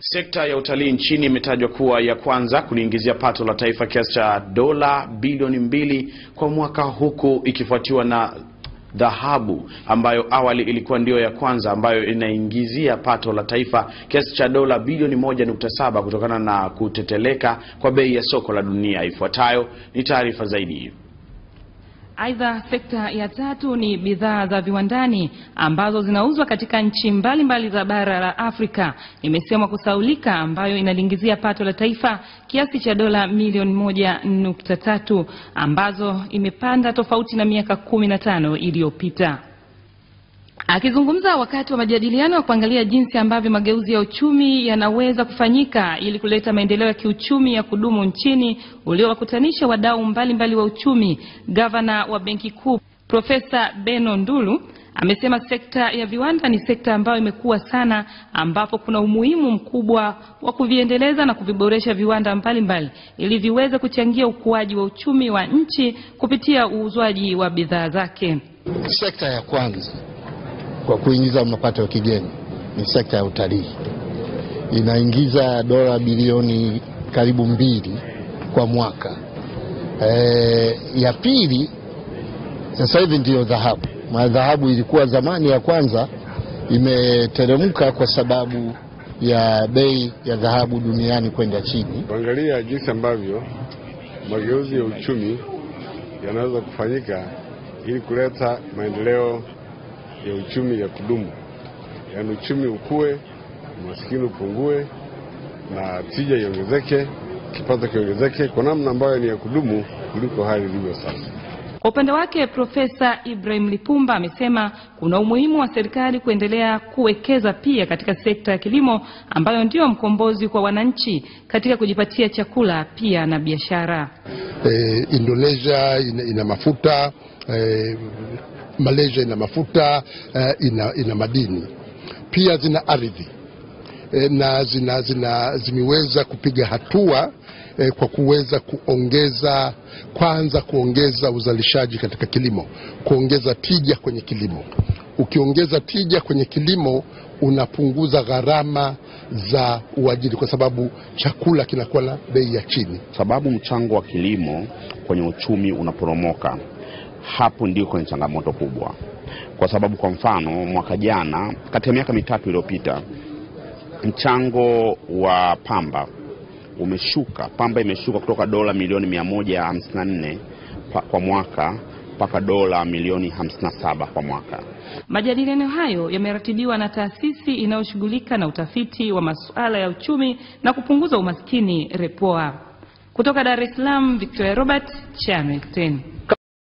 Sekta ya utalii nchini imetajwa kuwa ya kwanza kuliingizia pato la taifa kiasi cha dola bilioni mbili kwa mwaka huku ikifuatiwa na dhahabu ambayo awali ilikuwa ndio ya kwanza ambayo inaingizia pato la taifa kiasi cha dola bilioni moja nukta saba kutokana na kuteteleka kwa bei ya soko la dunia. Ifuatayo ni taarifa zaidi. Aidha, sekta ya tatu ni bidhaa za viwandani ambazo zinauzwa katika nchi mbalimbali mbali za bara la Afrika imesemwa kusaulika, ambayo inalingizia pato la taifa kiasi cha dola milioni moja nukta tatu ambazo imepanda tofauti na miaka kumi na tano iliyopita. Akizungumza wakati wa majadiliano ya kuangalia jinsi ambavyo mageuzi ya uchumi yanaweza kufanyika ili kuleta maendeleo ya kiuchumi ya kudumu nchini, uliowakutanisha wadau mbalimbali wa uchumi, gavana wa Benki Kuu Profesa Beno Ndulu amesema sekta ya viwanda ni sekta ambayo imekuwa sana, ambapo kuna umuhimu mkubwa wa kuviendeleza na kuviboresha viwanda mbalimbali ili viweze kuchangia ukuaji wa uchumi wa nchi kupitia uuzwaji wa bidhaa zake. Sekta ya kwanza kwa kuingiza mapato ya kigeni ni sekta ya utalii, inaingiza dola bilioni karibu mbili kwa mwaka. E, ya pili sasa hivi ndiyo dhahabu. Madhahabu ilikuwa zamani ya kwanza imeteremka kwa sababu ya bei ya dhahabu duniani kwenda chini. Kuangalia jinsi ambavyo mageuzi ya uchumi yanaweza kufanyika ili kuleta maendeleo ya uchumi ya kudumu, yaani uchumi ukue, umaskini upungue na tija iongezeke, kipato kiongezeke kwa namna ambayo ni ya kudumu kuliko hali ilivyo sasa. Kwa upande wake Profesa Ibrahim Lipumba amesema kuna umuhimu wa serikali kuendelea kuwekeza pia katika sekta ya kilimo ambayo ndio mkombozi kwa wananchi katika kujipatia chakula pia na biashara. E, Indonesia ina, ina mafuta eh, Malaysia ina mafuta eh, ina, ina madini pia zina ardhi eh, na zina, zina, zimeweza kupiga hatua eh, kwa kuweza kuongeza kwanza, kuongeza uzalishaji katika kilimo, kuongeza tija kwenye kilimo. Ukiongeza tija kwenye kilimo unapunguza gharama za uajiri kwa sababu chakula kinakuwa na bei ya chini, sababu mchango wa kilimo kwenye uchumi unaporomoka hapo ndio kwenye changamoto kubwa, kwa sababu kwa mfano mwaka jana, katika miaka mitatu iliyopita, mchango wa pamba umeshuka. Pamba imeshuka kutoka dola milioni 154 kwa mwaka mpaka dola milioni 57 kwa mwaka. Majadiliano hayo yameratibiwa na taasisi inayoshughulika na utafiti wa masuala ya uchumi na kupunguza umaskini, REPOA. Kutoka Dar es Salaam, Victoria Robert, Channel 10.